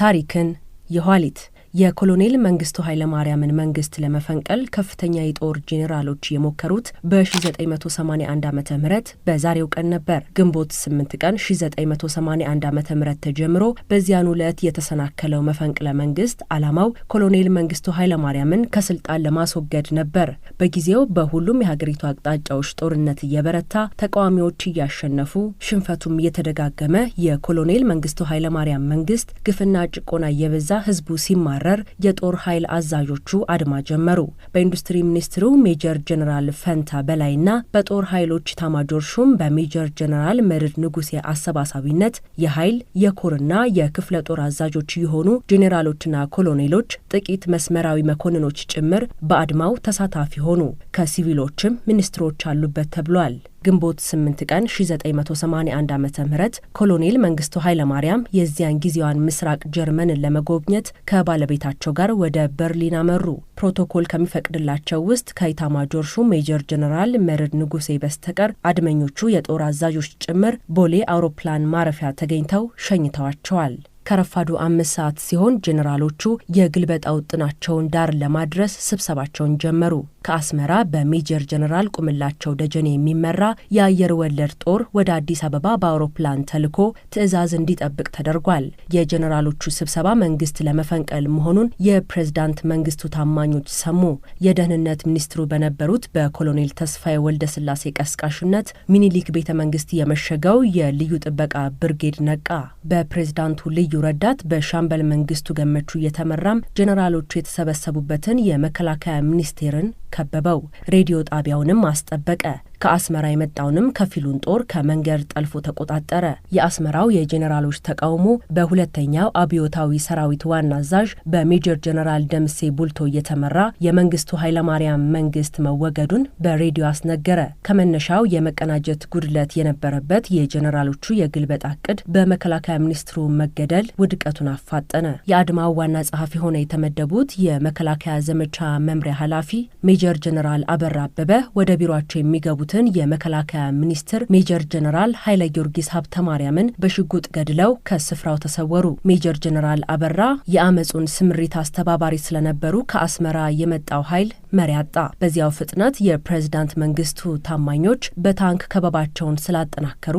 ታሪክን የኋሊት የኮሎኔል መንግስቱ ኃይለማርያምን መንግስት ለመፈንቀል ከፍተኛ የጦር ጄኔራሎች የሞከሩት በ1981 ዓ ም በዛሬው ቀን ነበር። ግንቦት 8 ቀን 1981 ዓ ም ተጀምሮ በዚያኑ ዕለት የተሰናከለው መፈንቅለ መንግስት ዓላማው ኮሎኔል መንግስቱ ኃይለማርያምን ከስልጣን ለማስወገድ ነበር። በጊዜው በሁሉም የሀገሪቱ አቅጣጫዎች ጦርነት እየበረታ፣ ተቃዋሚዎች እያሸነፉ፣ ሽንፈቱም እየተደጋገመ የኮሎኔል መንግስቱ ኃይለማርያም መንግስት ግፍና ጭቆና እየበዛ ህዝቡ ሲማረ በመባረር የጦር ኃይል አዛዦቹ አድማ ጀመሩ። በኢንዱስትሪ ሚኒስትሩ ሜጀር ጀነራል ፈንታ በላይና በጦር ኃይሎች ታማጆር ሹም በሜጀር ጀነራል መርዕድ ንጉሴ አሰባሳቢነት የኃይል የኮርና የክፍለ ጦር አዛዦች የሆኑ ጄኔራሎችና ኮሎኔሎች ጥቂት መስመራዊ መኮንኖች ጭምር በአድማው ተሳታፊ ሆኑ። ከሲቪሎችም ሚኒስትሮች አሉበት ተብሏል። ግንቦት 8 ቀን 1981 ዓ ም ኮሎኔል መንግስቱ ኃይለማርያም የዚያን ጊዜዋን ምስራቅ ጀርመንን ለመጎብኘት ከባለቤታቸው ጋር ወደ በርሊን አመሩ። ፕሮቶኮል ከሚፈቅድላቸው ውስጥ ከኢታማጆር ሹም ሜጀር ጀነራል መርድ ንጉሴ በስተቀር አድመኞቹ የጦር አዛዦች ጭምር ቦሌ አውሮፕላን ማረፊያ ተገኝተው ሸኝተዋቸዋል። ከረፋዱ አምስት ሰዓት ሲሆን ጀኔራሎቹ የግልበጣ ውጥናቸውን ዳር ለማድረስ ስብሰባቸውን ጀመሩ። ከአስመራ በሜጀር ጀነራል ቁምላቸው ደጀኔ የሚመራ የአየር ወለድ ጦር ወደ አዲስ አበባ በአውሮፕላን ተልኮ ትዕዛዝ እንዲጠብቅ ተደርጓል። የጀነራሎቹ ስብሰባ መንግስት ለመፈንቀል መሆኑን የፕሬዝዳንት መንግስቱ ታማኞች ሰሙ። የደህንነት ሚኒስትሩ በነበሩት በኮሎኔል ተስፋዬ ወልደስላሴ ቀስቃሽነት ሚኒሊክ ቤተ መንግስት የመሸገው የልዩ ጥበቃ ብርጌድ ነቃ። በፕሬዝዳንቱ ልዩ ረዳት በሻምበል መንግስቱ ገመቹ እየተመራም ጀነራሎቹ የተሰበሰቡበትን የመከላከያ ሚኒስቴርን ከበበው። ሬዲዮ ጣቢያውንም አስጠበቀ። ከአስመራ የመጣውንም ከፊሉን ጦር ከመንገድ ጠልፎ ተቆጣጠረ። የአስመራው የጄኔራሎች ተቃውሞ በሁለተኛው አብዮታዊ ሰራዊት ዋና አዛዥ በሜጀር ጄኔራል ደምሴ ቡልቶ እየተመራ የመንግስቱ ኃይለማርያም መንግስት መወገዱን በሬዲዮ አስነገረ። ከመነሻው የመቀናጀት ጉድለት የነበረበት የጄኔራሎቹ የግልበጣ እቅድ በመከላከያ ሚኒስትሩ መገደል ውድቀቱን አፋጠነ። የአድማው ዋና ጸሐፊ ሆነ የተመደቡት የመከላከያ ዘመቻ መምሪያ ኃላፊ ሜጀር ጄኔራል አበራ አበበ ወደ ቢሮቸው የሚገቡት የሞቱትን የመከላከያ ሚኒስትር ሜጀር ጀነራል ኃይለ ጊዮርጊስ ሀብተ ማርያምን በሽጉጥ ገድለው ከስፍራው ተሰወሩ። ሜጀር ጀነራል አበራ የአመፁን ስምሪት አስተባባሪ ስለነበሩ ከአስመራ የመጣው ኃይል መሪ አጣ። በዚያው ፍጥነት የፕሬዝዳንት መንግስቱ ታማኞች በታንክ ከበባቸውን ስላጠናከሩ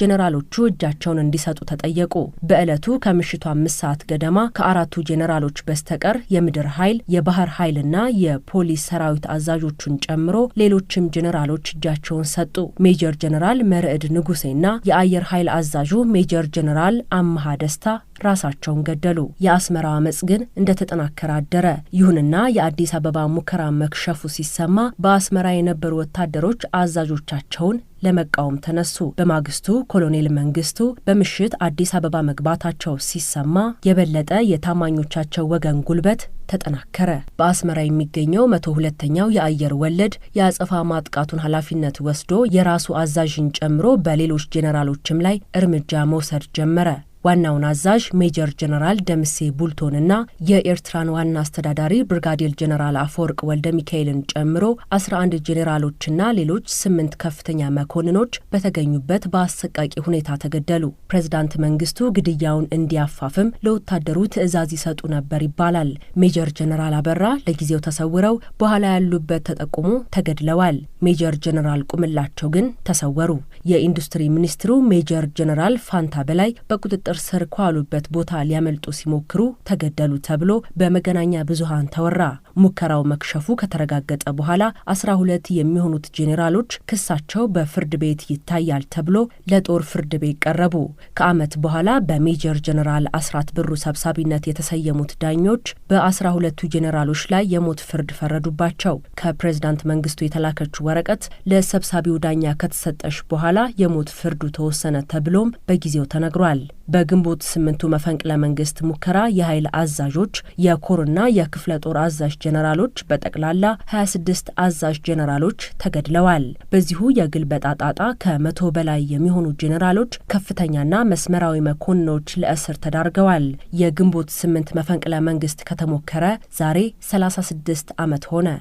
ጄኔራሎቹ እጃቸውን እንዲሰጡ ተጠየቁ። በዕለቱ ከምሽቱ አምስት ሰዓት ገደማ ከአራቱ ጄኔራሎች በስተቀር የምድር ኃይል የባህር ኃይልና የፖሊስ ሰራዊት አዛዦቹን ጨምሮ ሌሎችም ጄኔራሎች እጃቸውን ሰጡ። ሜጀር ጄኔራል መርዕድ ንጉሴና የአየር ኃይል አዛዡ ሜጀር ጄኔራል አመሃ ደስታ ራሳቸውን ገደሉ። የአስመራ አመፅ ግን እንደተጠናከረ አደረ። ይሁንና የአዲስ አበባ ሙከራ መክሸፉ ሲሰማ በአስመራ የነበሩ ወታደሮች አዛዦቻቸውን ለመቃወም ተነሱ። በማግስቱ ኮሎኔል መንግስቱ በምሽት አዲስ አበባ መግባታቸው ሲሰማ የበለጠ የታማኞቻቸው ወገን ጉልበት ተጠናከረ። በአስመራ የሚገኘው መቶ ሁለተኛው የአየር ወለድ የአጸፋ ማጥቃቱን ኃላፊነት ወስዶ የራሱ አዛዥን ጨምሮ በሌሎች ጄኔራሎችም ላይ እርምጃ መውሰድ ጀመረ። ዋናውን አዛዥ ሜጀር ጀነራል ደምሴ ቡልቶንና የኤርትራን ዋና አስተዳዳሪ ብርጋዴር ጀነራል አፈወርቅ ወልደ ሚካኤልን ጨምሮ 11 ጄኔራሎችና ሌሎች ስምንት ከፍተኛ መኮንኖች በተገኙበት በአሰቃቂ ሁኔታ ተገደሉ። ፕሬዝዳንት መንግስቱ ግድያውን እንዲያፋፍም ለወታደሩ ትዕዛዝ ይሰጡ ነበር ይባላል። ሜጀር ጀነራል አበራ ለጊዜው ተሰውረው በኋላ ያሉበት ተጠቁሞ ተገድለዋል። ሜጀር ጀነራል ቁምላቸው ግን ተሰወሩ። የኢንዱስትሪ ሚኒስትሩ ሜጀር ጀነራል ፋንታ በላይ በቁጥጥር ቁጥጥር ስር ከዋሉበት ቦታ ሊያመልጡ ሲሞክሩ ተገደሉ ተብሎ በመገናኛ ብዙሃን ተወራ። ሙከራው መክሸፉ ከተረጋገጠ በኋላ አስራ ሁለት የሚሆኑት ጄኔራሎች ክሳቸው በፍርድ ቤት ይታያል ተብሎ ለጦር ፍርድ ቤት ቀረቡ። ከዓመት በኋላ በሜጀር ጀኔራል አስራት ብሩ ሰብሳቢነት የተሰየሙት ዳኞች በአስራ ሁለቱ ጄኔራሎች ላይ የሞት ፍርድ ፈረዱባቸው። ከፕሬዝዳንት መንግስቱ የተላከች ወረቀት ለሰብሳቢው ዳኛ ከተሰጠሽ በኋላ የሞት ፍርዱ ተወሰነ ተብሎም በጊዜው ተነግሯል። በግንቦት ስምንቱ መፈንቅለ መንግስት ሙከራ የኃይል አዛዦች የኮርና የክፍለ ጦር አዛዥ ጀኔራሎች በጠቅላላ 26 አዛዥ ጀኔራሎች ተገድለዋል። በዚሁ የግልበጣ ጣጣ ከመቶ በላይ የሚሆኑ ጀኔራሎች ከፍተኛና መስመራዊ መኮንኖች ለእስር ተዳርገዋል። የግንቦት ስምንት መፈንቅለ መንግስት ከተሞከረ ዛሬ 36 ዓመት ሆነ።